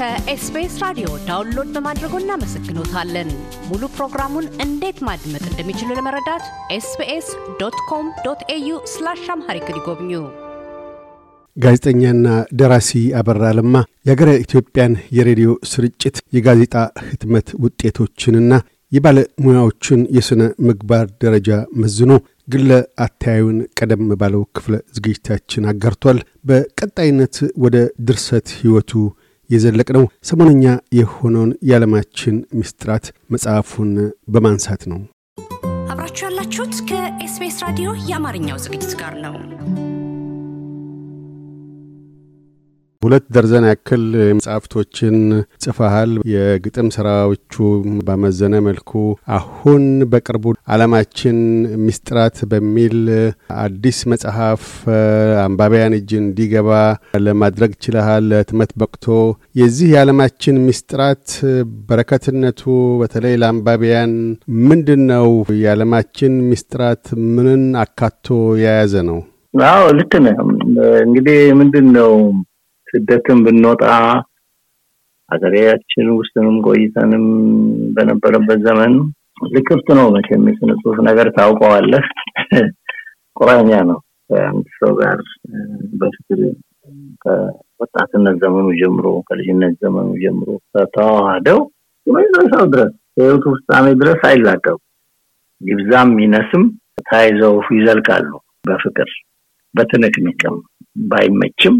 ከኤስቢኤስ ራዲዮ ዳውንሎድ በማድረጎ እናመሰግኖታለን። ሙሉ ፕሮግራሙን እንዴት ማድመጥ እንደሚችሉ ለመረዳት ኤስቢኤስ ዶት ኮም ዶት ኤዩ ስላሽ አምሃሪክ ይጎብኙ። ጋዜጠኛና ደራሲ አበራ ለማ የአገረ ኢትዮጵያን የሬዲዮ ስርጭት የጋዜጣ ህትመት ውጤቶችንና የባለሙያዎችን የሥነ ምግባር ደረጃ መዝኖ ግለ አታያዩን ቀደም ባለው ክፍለ ዝግጅታችን አጋርቷል። በቀጣይነት ወደ ድርሰት ሕይወቱ የዘለቅ ነው። ሰሞነኛ የሆነውን የዓለማችን ምስጢራት መጽሐፉን በማንሳት ነው። አብራችሁ ያላችሁት ከኤስቢኤስ ራዲዮ የአማርኛው ዝግጅት ጋር ነው። ሁለት ደርዘን ያክል መጽሐፍቶችን ጽፈሃል። የግጥም ስራዎቹ ባመዘነ መልኩ አሁን በቅርቡ አለማችን ሚስጥራት በሚል አዲስ መጽሐፍ አንባቢያን እጅ እንዲገባ ለማድረግ ችለሃል። ለህትመት በቅቶ የዚህ የዓለማችን ሚስጥራት በረከትነቱ በተለይ ለአንባቢያን ምንድን ነው? የዓለማችን ሚስጥራት ምንን አካቶ የያዘ ነው? አዎ ልክ ነህ። እንግዲህ ምንድን ነው ስደትን ብንወጣ ሀገሬያችን ውስጥንም ቆይተንም በነበረበት ዘመን ልክፍት ነው መቼም የስነ ጽሁፍ ነገር ታውቀዋለህ ቁራኛ ነው ከአንድ ሰው ጋር በፍቅር ከወጣትነት ዘመኑ ጀምሮ ከልጅነት ዘመኑ ጀምሮ ተዋህደው የመጨረሻው ድረስ ከህይወቱ ፍጻሜ ድረስ አይላቀቁ ይብዛም ይነስም ታይዘው ይዘልቃሉ በፍቅር በትንቅንቅም ባይመችም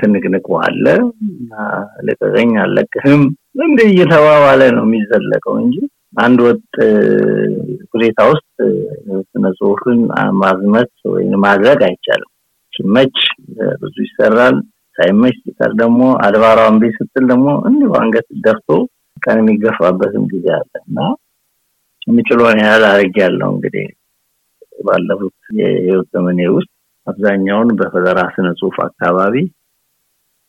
ትንቅንቁ አለ ልቀቀኝ አለቅህም እንደ እየተባባለ ነው የሚዘለቀው እንጂ አንድ ወጥ ሁኔታ ውስጥ ስነ ጽሁፍን ማዝመት ወይም ማድረግ አይቻልም። ሲመች ብዙ ይሰራል፣ ሳይመች ሲቀር ደግሞ አድባሯ እምቢ ስትል ደግሞ እንዲ አንገት ደፍቶ ቀን የሚገፋበትም ጊዜ አለ እና የምችለውን ያህል አርግ ያለው እንግዲህ ባለፉት የህይወት ዘመኔ ውስጥ አብዛኛውን በፈጠራ ስነ ጽሁፍ አካባቢ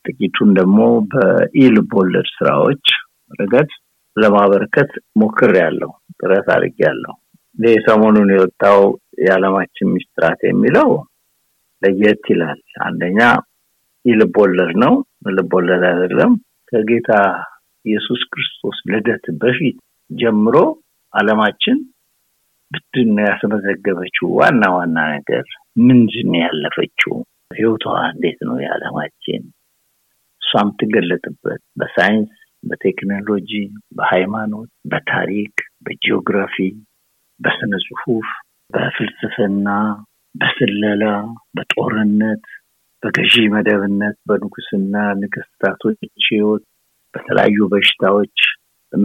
ጥቂቱን ደግሞ በኢልቦለድ ስራዎች ረገድ ለማበረከት ሞክር ያለው ጥረት አድርግ ያለው ይህ ሰሞኑን የወጣው የዓለማችን ሚስጥራት የሚለው ለየት ይላል። አንደኛ ኢልቦለድ ነው፣ ልቦለድ አይደለም። ከጌታ ኢየሱስ ክርስቶስ ልደት በፊት ጀምሮ ዓለማችን ምንድን ነው ያስመዘገበችው? ዋና ዋና ነገር ምንድን ነው ያለፈችው? ህይወቷ እንዴት ነው የዓለማችን? እሷ የምትገለጥበት በሳይንስ፣ በቴክኖሎጂ፣ በሃይማኖት፣ በታሪክ፣ በጂኦግራፊ፣ በስነ ጽሁፍ፣ በፍልስፍና፣ በስለላ፣ በጦርነት፣ በገዢ መደብነት፣ በንጉስና ንግስታቶች ህይወት፣ በተለያዩ በሽታዎች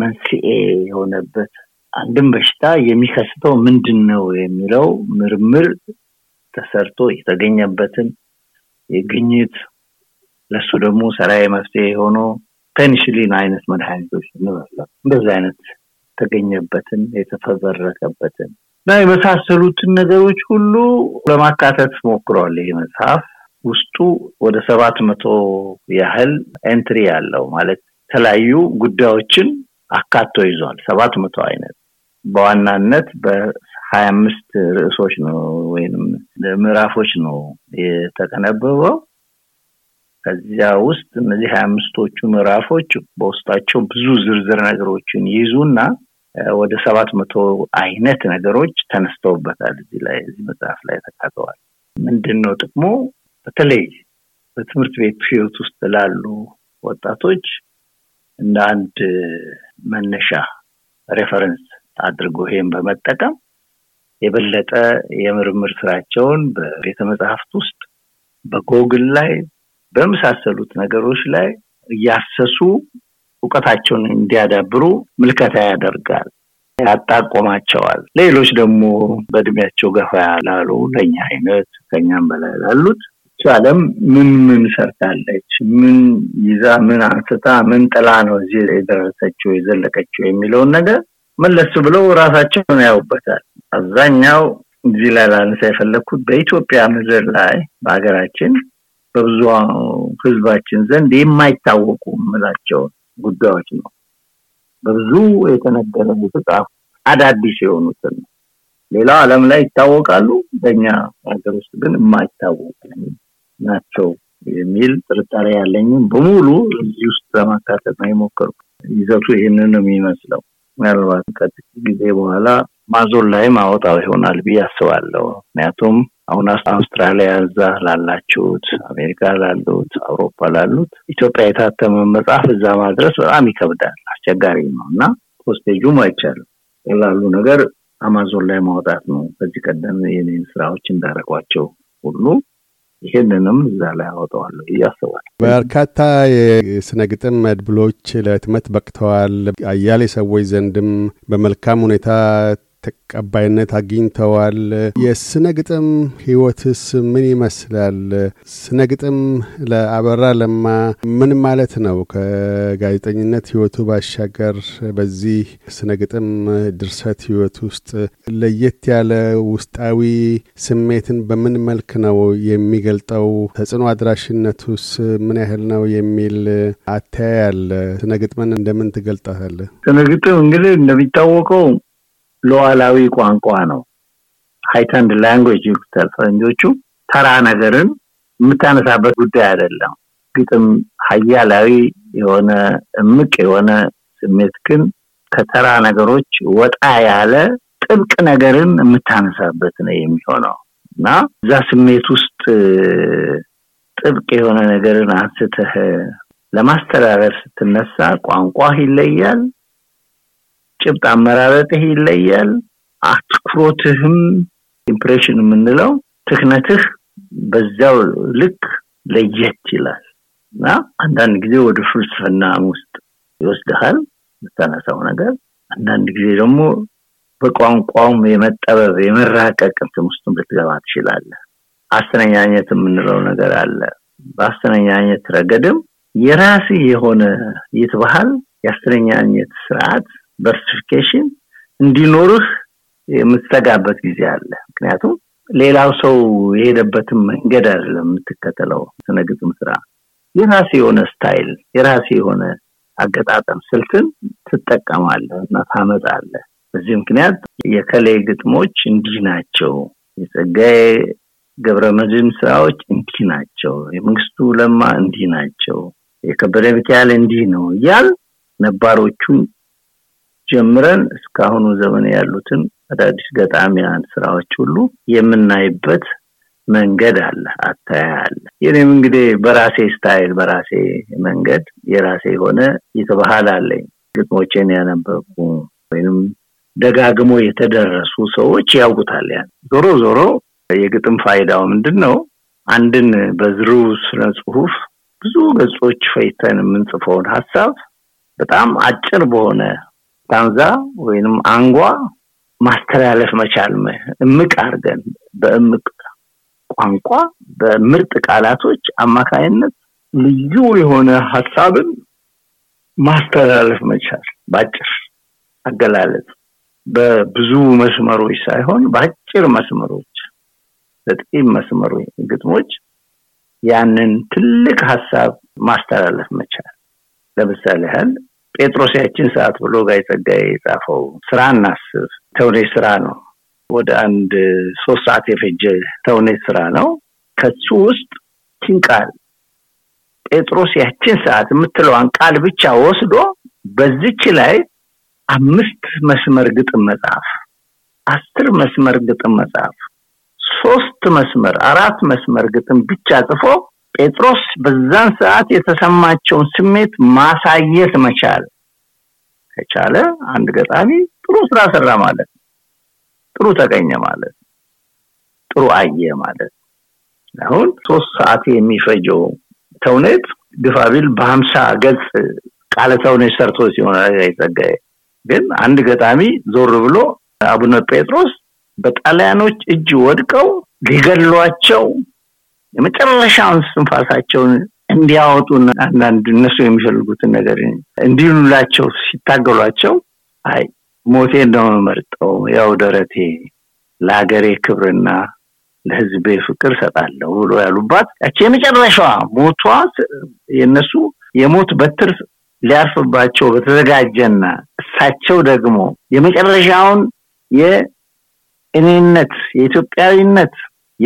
መንስኤ የሆነበት አንድም በሽታ የሚከስተው ምንድን ነው የሚለው ምርምር ተሰርቶ የተገኘበትን የግኝት ለሱ ደግሞ ሰራዊ መፍትሄ የሆኖ ፔንሽሊን አይነት መድኃኒቶች እንበለው እንደዚህ አይነት የተገኘበትን የተፈበረከበትን እና የመሳሰሉትን ነገሮች ሁሉ ለማካተት ሞክሯል ይህ መጽሐፍ ውስጡ ወደ ሰባት መቶ ያህል ኤንትሪ ያለው ማለት የተለያዩ ጉዳዮችን አካቶ ይዟል ሰባት መቶ አይነት በዋናነት በሀያ አምስት ርዕሶች ነው ወይም ምዕራፎች ነው የተቀነበበው። ከዚያ ውስጥ እነዚህ ሀያ አምስቶቹ ምዕራፎች በውስጣቸው ብዙ ዝርዝር ነገሮችን ይይዙና ወደ ሰባት መቶ አይነት ነገሮች ተነስተውበታል። እዚህ ላይ እዚህ መጽሐፍ ላይ ተካተዋል። ምንድን ነው ጥቅሙ? በተለይ በትምህርት ቤት ህይወት ውስጥ ላሉ ወጣቶች እንደ አንድ መነሻ ሬፈረንስ አድርጎ ይሄን በመጠቀም የበለጠ የምርምር ስራቸውን በቤተ መጽሐፍት ውስጥ በጎግል ላይ በመሳሰሉት ነገሮች ላይ እያሰሱ እውቀታቸውን እንዲያዳብሩ ምልከታ ያደርጋል፣ ያጣቆማቸዋል። ሌሎች ደግሞ በእድሜያቸው ገፋ ላሉ ለእኛ አይነት ከኛም በላይ ላሉት ቻለም ምን ምን ሰርታለች፣ ምን ይዛ፣ ምን አንስታ፣ ምን ጥላ ነው እዚህ የደረሰችው የዘለቀችው የሚለውን ነገር መለስ ብለው ራሳቸውን ያውበታል አብዛኛው እዚህ ላይ ላነሳ የፈለግኩት በኢትዮጵያ ምድር ላይ በሀገራችን በብዙ ህዝባችን ዘንድ የማይታወቁ ምላቸው ጉዳዮች ነው በብዙ የተነገረ የተጻፉ አዳዲስ የሆኑትን ነው ሌላው ዓለም ላይ ይታወቃሉ በእኛ ሀገር ውስጥ ግን የማይታወቁ ናቸው የሚል ጥርጣሬ ያለኝም በሙሉ እዚህ ውስጥ ለማካተት ነው የሞከርኩ ይዘቱ ይህንን ነው የሚመስለው ምናልባት ከጥቂት ጊዜ በኋላ ማዞን ላይ ማወጣው ይሆናል ብዬ አስባለሁ። ምክንያቱም አሁን አውስትራሊያ እዛ ላላችሁት፣ አሜሪካ ላሉት፣ አውሮፓ ላሉት ኢትዮጵያ የታተመ መጽሐፍ እዛ ማድረስ በጣም ይከብዳል፣ አስቸጋሪ ነው እና ፖስቴጁም አይቻልም። ቀላሉ ነገር አማዞን ላይ ማውጣት ነው። በዚህ ቀደም የኔን ስራዎች እንዳረጓቸው ሁሉ ይህንንም እዛ ላይ አወጣዋለሁ እያስባል። በርካታ የስነ ግጥም መድብሎች ለህትመት በቅተዋል። አያሌ ሰዎች ዘንድም በመልካም ሁኔታ ተቀባይነት አግኝተዋል? የስነ ግጥም ህይወትስ ምን ይመስላል? ስነ ግጥም ለአበራ ለማ ምን ማለት ነው? ከጋዜጠኝነት ህይወቱ ባሻገር በዚህ ስነ ግጥም ድርሰት ህይወት ውስጥ ለየት ያለ ውስጣዊ ስሜትን በምን መልክ ነው የሚገልጠው? ተጽዕኖ አድራሽነቱስ ምን ያህል ነው የሚል አተያይ አለ። ስነ ግጥምን እንደምን ትገልጣታለህ? ስነ ግጥም እንግዲህ እንደሚታወቀው ሉዓላዊ ቋንቋ ነው ሃይተንድ ላንጉጅ ይሉታል ፈረንጆቹ ተራ ነገርን የምታነሳበት ጉዳይ አይደለም ግጥም ሀያላዊ የሆነ እምቅ የሆነ ስሜት ግን ከተራ ነገሮች ወጣ ያለ ጥብቅ ነገርን የምታነሳበት ነው የሚሆነው እና እዛ ስሜት ውስጥ ጥብቅ የሆነ ነገርን አንስተህ ለማስተላለፍ ስትነሳ ቋንቋ ይለያል ጭብጥ አመራረጥህ ይለያል። አትኩሮትህም ኢምፕሬሽን የምንለው ትክነትህ በዛው ልክ ለየት ይላል እና አንዳንድ ጊዜ ወደ ፍልስፍና ውስጥ ይወስድሃል የምታነሳው ነገር። አንዳንድ ጊዜ ደግሞ በቋንቋውም የመጠበብ የመራቀቅ እንትን ውስጥ ልትገባ ትችላለ አስተነኛኘት የምንለው ነገር አለ። በአስተነኛኘት ረገድም የራስህ የሆነ ይትባሃል የአስተነኛኘት ስርዓት ቨርሲፊኬሽን እንዲኖርህ የምትሰጋበት ጊዜ አለ ምክንያቱም ሌላው ሰው የሄደበትን መንገድ አይደለም የምትከተለው ስነግጥም ስራ የራሴ የሆነ ስታይል የራሴ የሆነ አገጣጠም ስልትን ትጠቀማለ እና ታመጣለህ በዚህ ምክንያት የከሌ ግጥሞች እንዲህ ናቸው የጸጋዬ ገብረ መድህን ስራዎች እንዲህ ናቸው የመንግስቱ ለማ እንዲህ ናቸው የከበደ ሚካኤል እንዲህ ነው እያል ነባሮቹን ጀምረን እስካሁኑ ዘመን ያሉትን አዳዲስ ገጣሚያን ስራዎች ሁሉ የምናይበት መንገድ አለ፣ አታያ አለ። የኔም እንግዲህ በራሴ ስታይል በራሴ መንገድ የራሴ የሆነ የተባህል አለኝ። ግጥሞቼን ያነበቡ ወይም ደጋግሞ የተደረሱ ሰዎች ያውቁታል። ያን ዞሮ ዞሮ የግጥም ፋይዳው ምንድን ነው? አንድን በዝሩ ስነ ጽሁፍ ብዙ ገጾች ፈይተን የምንጽፈውን ሀሳብ በጣም አጭር በሆነ ታንዛ ወይንም አንጓ ማስተላለፍ መቻል እምቅ አድርገን በእምቅ ቋንቋ በምርጥ ቃላቶች አማካይነት ልዩ የሆነ ሀሳብን ማስተላለፍ መቻል በአጭር አገላለጽ በብዙ መስመሮች ሳይሆን በአጭር መስመሮች በጥቂም መስመሮ ግጥሞች ያንን ትልቅ ሀሳብ ማስተላለፍ መቻል ለምሳሌ ያህል ጴጥሮስ ያችን ሰዓት ብሎ ጋይ ጸጋዬ የጻፈው ስራ እናስብ ተውኔት ስራ ነው። ወደ አንድ ሶስት ሰዓት የፈጀ ተውኔት ስራ ነው። ከሱ ውስጥ ችን ቃል ጴጥሮስ ያችን ሰዓት የምትለዋን ቃል ብቻ ወስዶ በዚች ላይ አምስት መስመር ግጥም መጽሐፍ፣ አስር መስመር ግጥም መጽሐፍ፣ ሶስት መስመር አራት መስመር ግጥም ብቻ ጽፎ ጴጥሮስ በዛን ሰዓት የተሰማቸውን ስሜት ማሳየት መቻል ከቻለ አንድ ገጣሚ ጥሩ ስራ ሰራ ማለት ነው። ጥሩ ተገኘ ማለት ነው። ጥሩ አየ ማለት ነው። አሁን ሶስት ሰዓት የሚፈጀው ተውኔት ግፋቢል በሀምሳ ገጽ ቃለ ተውኔት ሰርቶ ሲሆን ግን አንድ ገጣሚ ዞር ብሎ አቡነ ጴጥሮስ በጣሊያኖች እጅ ወድቀው ሊገሏቸው የመጨረሻውን እስትንፋሳቸውን እንዲያወጡና አንዳንድ እነሱ የሚፈልጉትን ነገር እንዲሉላቸው ሲታገሏቸው አይ ሞቴ ነው መርጠው ያው ደረቴ ለሀገሬ ክብርና ለህዝቤ ፍቅር ሰጣለሁ ብሎ ያሉባት ያቺ የመጨረሻዋ ሞቷ የእነሱ የሞት በትር ሊያርፍባቸው በተዘጋጀና እሳቸው ደግሞ የመጨረሻውን የእኔነት የኢትዮጵያዊነት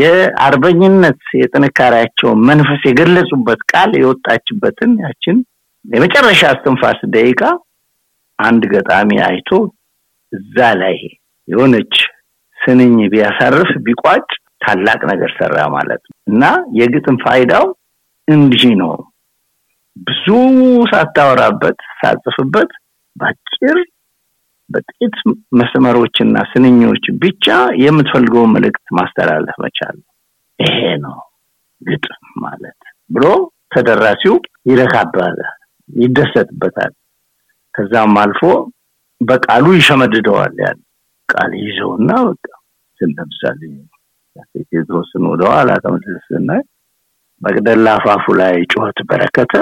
የአርበኝነት የጥንካሬያቸውን መንፈስ የገለጹበት ቃል የወጣችበትን ያችን የመጨረሻ እስትንፋስ ደቂቃ አንድ ገጣሚ አይቶ እዛ ላይ የሆነች ስንኝ ቢያሳርፍ ቢቋጭ ታላቅ ነገር ሰራ ማለት ነው እና የግጥም ፋይዳው እንዲህ ነው ብዙ ሳታወራበት ሳጽፍበት በአጭር በጥቂት መስመሮችና ስንኞች ብቻ የምትፈልገውን መልእክት ማስተላለፍ መቻል ይሄ ነው ግጥም ማለት ብሎ ተደራሲው ይረካበታል፣ ይደሰትበታል። ከዛም አልፎ በቃሉ ይሸመድደዋል። ያ ቃል ይዘውና በቃ ለምሳሌ ቴድሮስን ወደኋላ ተመልሰና መቅደላ አፋፉ ላይ ጩኸት በረከተ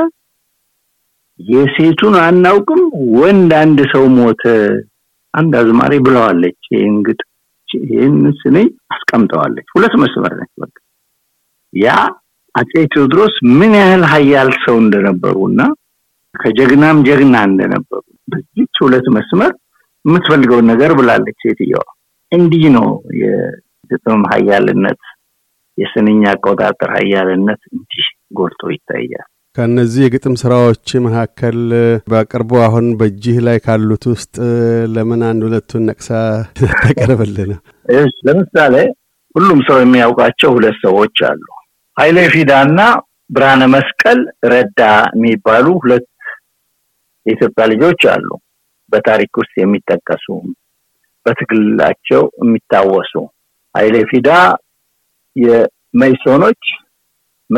የሴቱን አናውቅም ወንድ አንድ ሰው ሞተ አንድ አዝማሪ ብለዋለች። እንግድ ይህን ስኔ አስቀምጠዋለች። ሁለት መስመር ነች። በ ያ አፄ ቴዎድሮስ ምን ያህል ሀያል ሰው እንደነበሩ እና ከጀግናም ጀግና እንደነበሩ በዚች ሁለት መስመር የምትፈልገውን ነገር ብላለች ሴትየዋ። እንዲህ ነው የግጥም ሀያልነት፣ የስንኛ አቆጣጠር ሀያልነት እንዲህ ጎልቶ ይታያል። ከእነዚህ የግጥም ስራዎች መካከል በቅርቡ አሁን በእጅህ ላይ ካሉት ውስጥ ለምን አንድ ሁለቱን ነቅሳ ታቀርብልን? ለምሳሌ ሁሉም ሰው የሚያውቃቸው ሁለት ሰዎች አሉ። ኃይሌ ፊዳና ብርሃነ መስቀል ረዳ የሚባሉ ሁለት የኢትዮጵያ ልጆች አሉ። በታሪክ ውስጥ የሚጠቀሱ በትግላቸው የሚታወሱ ኃይሌ ፊዳ የመይሶኖች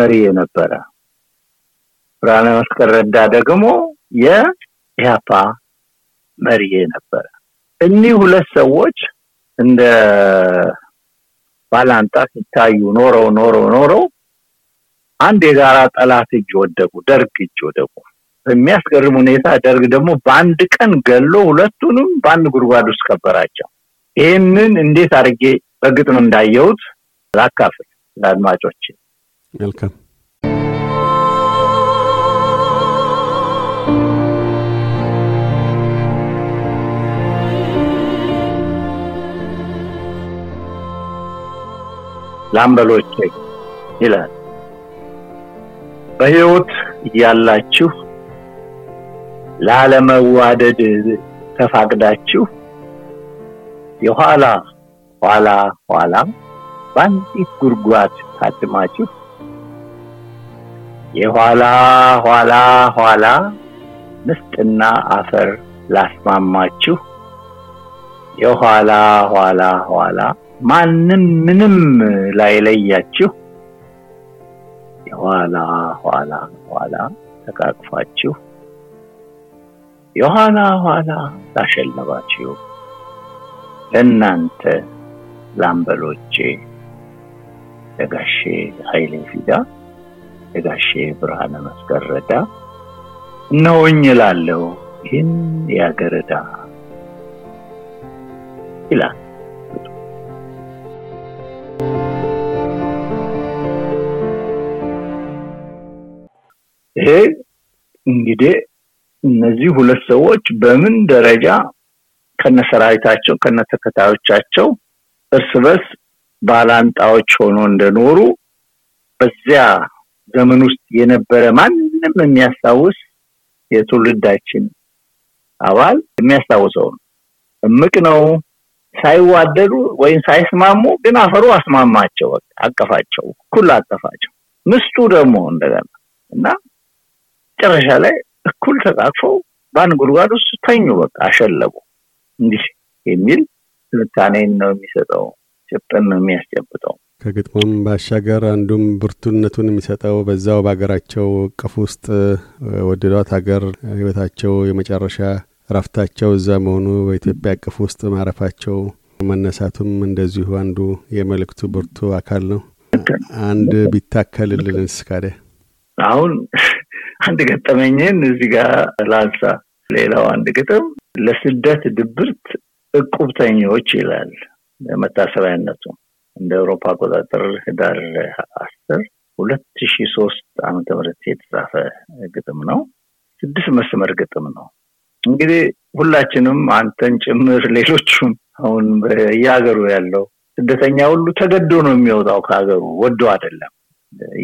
መሪ የነበረ ብርሃነ መስቀል ረዳ ደግሞ የኢያፓ መሪ ነበረ። እኒህ ሁለት ሰዎች እንደ ባላንጣ ሲታዩ ኖረው ኖረው ኖረው አንድ የጋራ ጠላት እጅ ወደቁ፣ ደርግ እጅ ወደቁ። በሚያስገርም ሁኔታ ደርግ ደግሞ በአንድ ቀን ገሎ ሁለቱንም በአንድ ጉድጓድ ውስጥ ከበራቸው ይህንን እንዴት አድርጌ በግጥም እንዳየሁት ላካፍል ለአድማጮች። መልካም ላምበሎች ይላል። በህይወት እያላችሁ ላለመዋደድ ተፋቅዳችሁ የኋላ ኋላ ኋላ በአንዲት ጉርጓት ታድማችሁ የኋላ ኋላ ኋላ ምስጥና አፈር ላስማማችሁ የኋላ ኋላ ኋላ ማንም ምንም ላይለያችሁ የኋላ ኋላ ኋላ ተቃቅፋችሁ የኋላ ኋላ ላሸለባችሁ ለእናንተ ላምበሎቼ ለጋሼ ኃይሌ ፊዳ ለጋሼ ብርሃነ መስቀል እነውኝ እነሆኝ እላለሁ ይህን የአገር ይላል። ይሄ እንግዲህ እነዚህ ሁለት ሰዎች በምን ደረጃ ከነሰራዊታቸው ከነተከታዮቻቸው እርስ በርስ ባላንጣዎች ሆኖ እንደኖሩ በዚያ ዘመን ውስጥ የነበረ ማንም የሚያስታውስ የትውልዳችን አባል የሚያስታውሰው ነው። እምቅ ነው። ሳይዋደዱ ወይም ሳይስማሙ ግን አፈሩ አስማማቸው፣ አቀፋቸው፣ እኩል አቀፋቸው። ምስቱ ደግሞ እንደገና እና መጨረሻ ላይ እኩል ተቃቅፈው በአንድ ጉድጓድ ውስጥ ተኙ። በቃ አሸለቡ። እንዲህ የሚል ትንታኔን ነው የሚሰጠው። ጭብጥን ነው የሚያስጨብጠው። ከግጥሙም ባሻገር አንዱም ብርቱነቱን የሚሰጠው በዛው በሀገራቸው እቅፍ ውስጥ ወደዷት ሀገር ህይወታቸው የመጨረሻ እረፍታቸው እዛ መሆኑ በኢትዮጵያ እቅፍ ውስጥ ማረፋቸው መነሳቱም እንደዚሁ አንዱ የመልእክቱ ብርቱ አካል ነው። አንድ ቢታከልልን ካደ አሁን አንድ ገጠመኝን እዚህ ጋር ላንሳ። ሌላው አንድ ግጥም ለስደት ድብርት እቁብተኞች ይላል። መታሰቢያነቱ እንደ አውሮፓ አቆጣጠር ህዳር አስር ሁለት ሺ ሶስት አመተ ምህረት የተጻፈ ግጥም ነው። ስድስት መስመር ግጥም ነው። እንግዲህ ሁላችንም አንተን ጭምር ሌሎቹም አሁን በየሀገሩ ያለው ስደተኛ ሁሉ ተገዶ ነው የሚወጣው ከሀገሩ ወዶ አይደለም።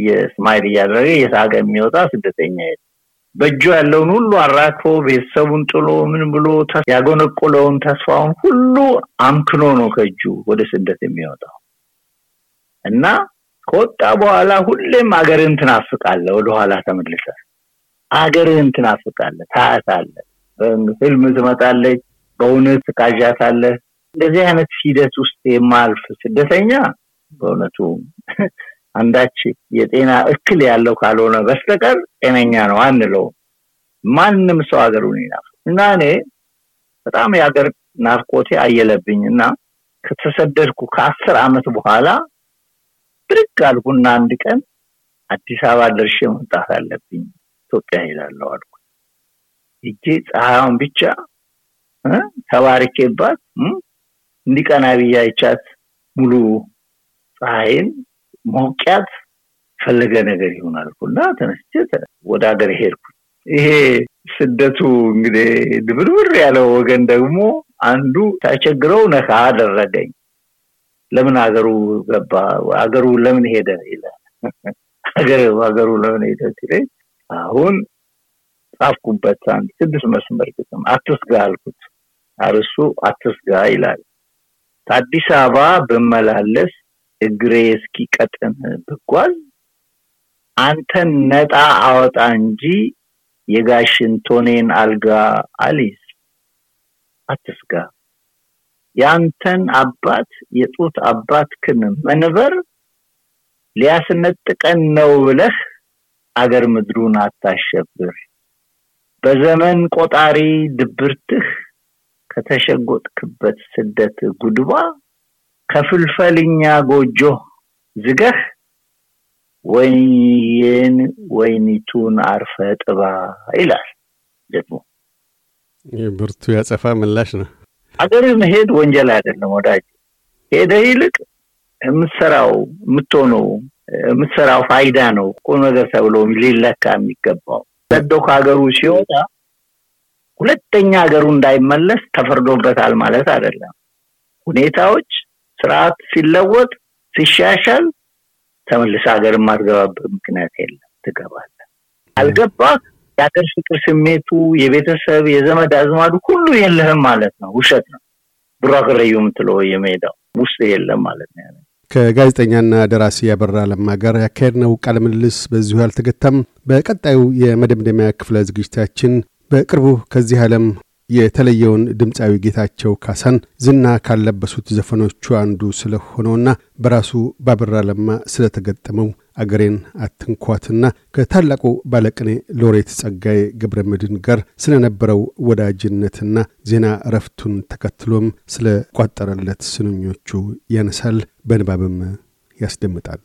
የስማይል እያደረገ የሳቀ የሚወጣ ስደተኛ የለ በእጁ ያለውን ሁሉ አራክፎ ቤተሰቡን ጥሎ ምን ብሎ ያጎነቆለውን ተስፋውን ሁሉ አምክኖ ነው ከእጁ ወደ ስደት የሚወጣው እና ከወጣ በኋላ ሁሌም አገርህን ትናፍቃለ ወደኋላ ተመልሰ አገርህን ትናፍቃለ ታያታለ ፊልም ትመጣለች፣ በእውነት ትቃዣታለህ። እንደዚህ አይነት ሂደት ውስጥ የማልፍ ስደተኛ በእውነቱ አንዳች የጤና እክል ያለው ካልሆነ በስተቀር ጤነኛ ነው አንለውም። ማንም ሰው ሀገሩን ይናፍ እና እኔ በጣም የሀገር ናፍቆቴ አየለብኝ እና ከተሰደድኩ ከአስር አመት በኋላ ብድግ አልኩና አንድ ቀን አዲስ አበባ ደርሼ መምጣት አለብኝ ኢትዮጵያ ሄዳለሁ አልኩ። እጄ ፀሐዩን ብቻ ተባርኬባት እንዲቀና ብያ ይቻት ሙሉ ፀሐይን ማውቂያት ፈለገ ነገር ይሆናል እና ተነስቼ ወደ ሀገር ሄድኩ። ይሄ ስደቱ እንግዲህ ድብርብር ያለው ወገን ደግሞ አንዱ ተቸግረው ነካ አደረገኝ። ለምን ሀገሩ ገባ? ሀገሩ ለምን ሄደ? ይላል ሀገሩ ለምን ሄደ ሲለ አሁን ጻፍኩበት አንድ ስድስት መስመር ግጥም አትስጋ አልኩት። አርሱ አትስጋ ይላል። ከአዲስ አበባ ብመላለስ እግሬ እስኪቀጥም ብጓዝ አንተን ነጣ አወጣ እንጂ የጋሽን ቶኔን አልጋ አሊስ አትስጋ ያንተን አባት የጡት አባት ክን መንበር ሊያስነጥቀን ነው ብለህ አገር ምድሩን አታሸብር በዘመን ቆጣሪ ድብርትህ ከተሸጎጥክበት ስደት ጉድባ ከፍልፈልኛ ጎጆ ዝገህ ወይን ወይኒቱን አርፈ ጥባ ይላል ደግሞ ብርቱ ያጸፋ ምላሽ ነው። አገር መሄድ ወንጀል አይደለም ወዳጅ። ሄደ ይልቅ የምትሰራው የምትሆነው የምትሰራው ፋይዳ ነው ቁ ነገር ተብሎ ሊለካ የሚገባው። ለዶ ከሀገሩ ሲወጣ ሁለተኛ ሀገሩ እንዳይመለስ ተፈርዶበታል ማለት አይደለም። ሁኔታዎች ስርዓት ሲለወጥ ሲሻሻል ተመልሰ ሀገር የማትገባበት ምክንያት የለም። ትገባለ አልገባ የሀገር ፍቅር ስሜቱ የቤተሰብ የዘመድ አዝማዱ ሁሉ የለህም ማለት ነው። ውሸት ነው። ብሯክረዩ ምትለ የሜዳው ውስጥ የለም ማለት ነው። ከጋዜጠኛና ደራሲ ያበራ ለማ ጋር ያካሄድነው ቃለ ምልልስ በዚሁ አልተገታም። በቀጣዩ የመደምደሚያ ክፍለ ዝግጅታችን በቅርቡ ከዚህ ዓለም የተለየውን ድምፃዊ ጌታቸው ካሳን ዝና ካለበሱት ዘፈኖቹ አንዱ ስለሆነውና በራሱ ባበራ ለማ ስለተገጠመው አገሬን አትንኳትና ከታላቁ ባለቅኔ ሎሬት ጸጋዬ ገብረ መድን ጋር ስለነበረው ወዳጅነትና ዜና እረፍቱን ተከትሎም ስለ ቋጠረለት ስንኞቹ ያነሳል፣ በንባብም ያስደምጣል።